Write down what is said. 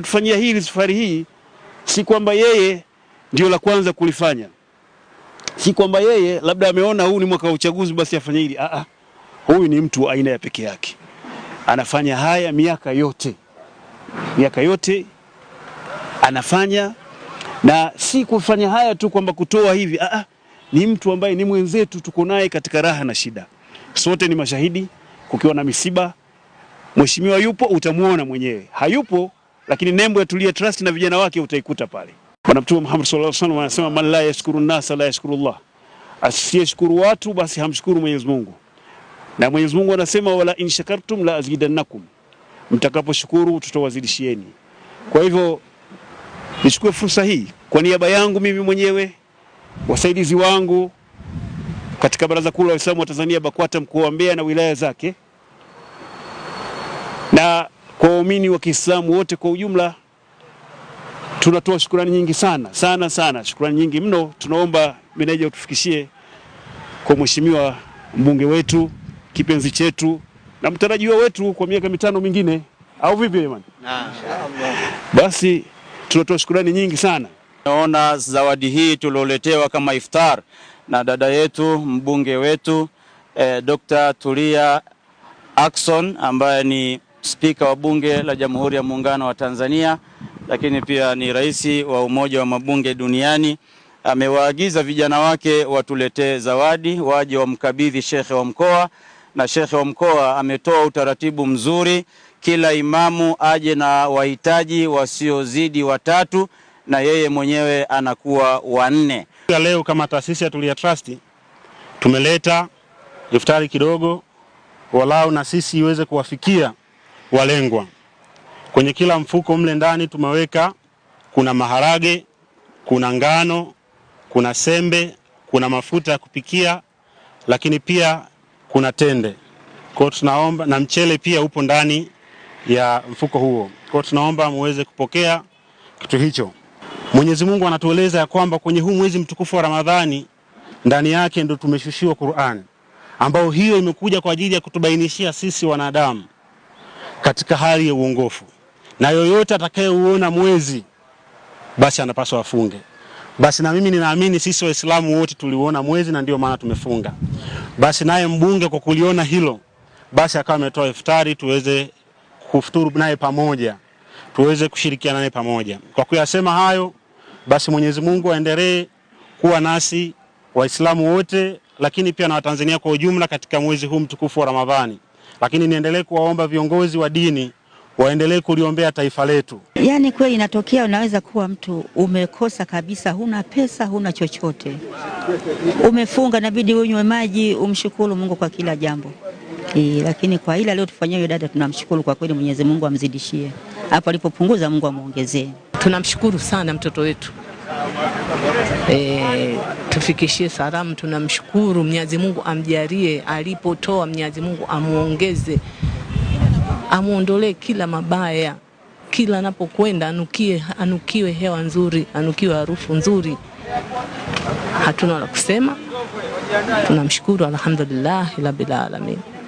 Tufanyia hili safari hii, si kwamba yeye ndio la kwanza kulifanya, si kwamba yeye labda ameona huu ni mwaka wa uchaguzi basi afanye hili. Ah, ah, huyu ni mtu wa aina ya peke yake, anafanya haya miaka yote, miaka yote anafanya, na si kufanya haya tu kwamba kutoa hivi. Ah, ah. ni mtu ambaye ni mwenzetu, tuko naye katika raha na shida, sote ni mashahidi. Kukiwa na misiba, mheshimiwa yupo, utamwona mwenyewe, hayupo lakini nembo ya Tulia Trust na vijana wake utaikuta pale. Bwana Mtume Muhammad sallallahu alaihi wasallam anasema man la yashkuru nasa la yashkuru Allah, asiyeshukuru watu basi hamshukuru Mwenyezi Mungu. Na Mwenyezi Mungu anasema wala in shakartum la azidannakum, mtakaposhukuru tutawazidishieni. Kwa hivyo nichukue fursa hii kwa niaba yangu mimi mwenyewe, wasaidizi wangu katika Baraza Kuu la Waislamu wa Tanzania BAKWATA mkoa wa Mbeya na wilaya zake na kwa waumini wa Kiislamu wote kwa ujumla. Tunatoa shukurani nyingi sana sana sana, shukurani nyingi mno. Tunaomba meneja utufikishie kwa mheshimiwa mbunge wetu kipenzi chetu na mtarajiwa wetu kwa miaka mitano mingine, au vipi jamani? Basi tunatoa shukurani nyingi sana. Naona zawadi hii tulioletewa kama iftar na dada yetu mbunge wetu eh, Dr. Tulia Ackson ambaye ni spika wa bunge la Jamhuri ya Muungano wa Tanzania, lakini pia ni rais wa Umoja wa Mabunge Duniani. Amewaagiza vijana wake watuletee zawadi, waje wamkabidhi shekhe wa mkoa, na shekhe wa mkoa ametoa utaratibu mzuri, kila imamu aje na wahitaji wasiozidi watatu na yeye mwenyewe anakuwa wanne. Leo kama taasisi ya Tulia Trust tumeleta iftari kidogo, walau na sisi iweze kuwafikia walengwa. Kwenye kila mfuko mle ndani tumeweka, kuna maharage, kuna ngano, kuna sembe, kuna mafuta ya kupikia, lakini pia kuna tende. Kwa tunaomba, na mchele pia upo ndani ya mfuko huo. Kwa tunaomba muweze kupokea kitu hicho. Mwenyezi Mungu anatueleza ya kwamba kwenye huu mwezi mtukufu wa Ramadhani ndani yake ndo tumeshushiwa Qur'an, ambayo hiyo imekuja kwa ajili ya kutubainishia sisi wanadamu katika hali ya uongofu, na yoyote atakayeuona mwezi basi anapaswa afunge. Basi na mimi ninaamini sisi Waislamu wote tuliuona mwezi na ndio maana tumefunga. Basi naye mbunge kwa kuliona hilo, basi akawa ametoa iftari tuweze kufuturu naye pamoja, tuweze kushirikiana naye pamoja. Kwa kuyasema hayo, basi Mwenyezi Mungu aendelee kuwa nasi Waislamu wote, lakini pia na Watanzania kwa ujumla katika mwezi huu mtukufu wa Ramadhani lakini niendelee kuwaomba viongozi wa dini waendelee kuliombea taifa letu. Yaani kweli inatokea, unaweza kuwa mtu umekosa kabisa, huna pesa, huna chochote, umefunga, inabidi unywe maji, umshukuru Mungu kwa kila jambo. I, lakini kwa ile aliyotufanyia huyo dada tunamshukuru kwa kweli. Mwenyezi Mungu amzidishie hapo alipopunguza, Mungu amwongezee. Tunamshukuru sana mtoto wetu. E, tufikishie salamu. Tunamshukuru Mwenyezi Mungu amjalie alipotoa, Mwenyezi Mungu amuongeze, amuondolee kila mabaya, kila anapokwenda anukie, anukiwe hewa nzuri, anukiwe harufu nzuri. Hatuna la kusema, tunamshukuru alhamdulillah rabbil alamin.